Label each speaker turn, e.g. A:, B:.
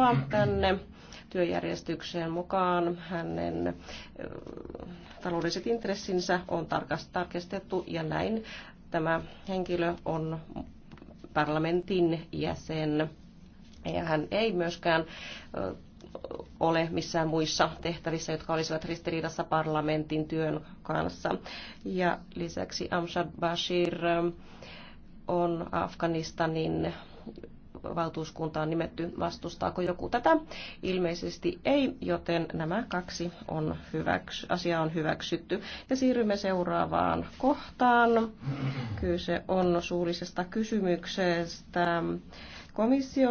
A: tervetuloa tänne työjärjestykseen mukaan. Hänen taloudelliset intressinsä on tarkistettu ja näin tämä henkilö on parlamentin jäsen. Ja hän ei myöskään ole missään muissa tehtävissä, jotka olisivat ristiriidassa parlamentin työn kanssa. Ja lisäksi Amshad Bashir on Afganistanin valtuuskunta on nimetty. Vastustaako joku tätä? Ilmeisesti ei, joten nämä kaksi on hyväksy, asia on hyväksytty. Ja siirrymme seuraavaan kohtaan. Kyse on suullisesta kysymyksestä komissio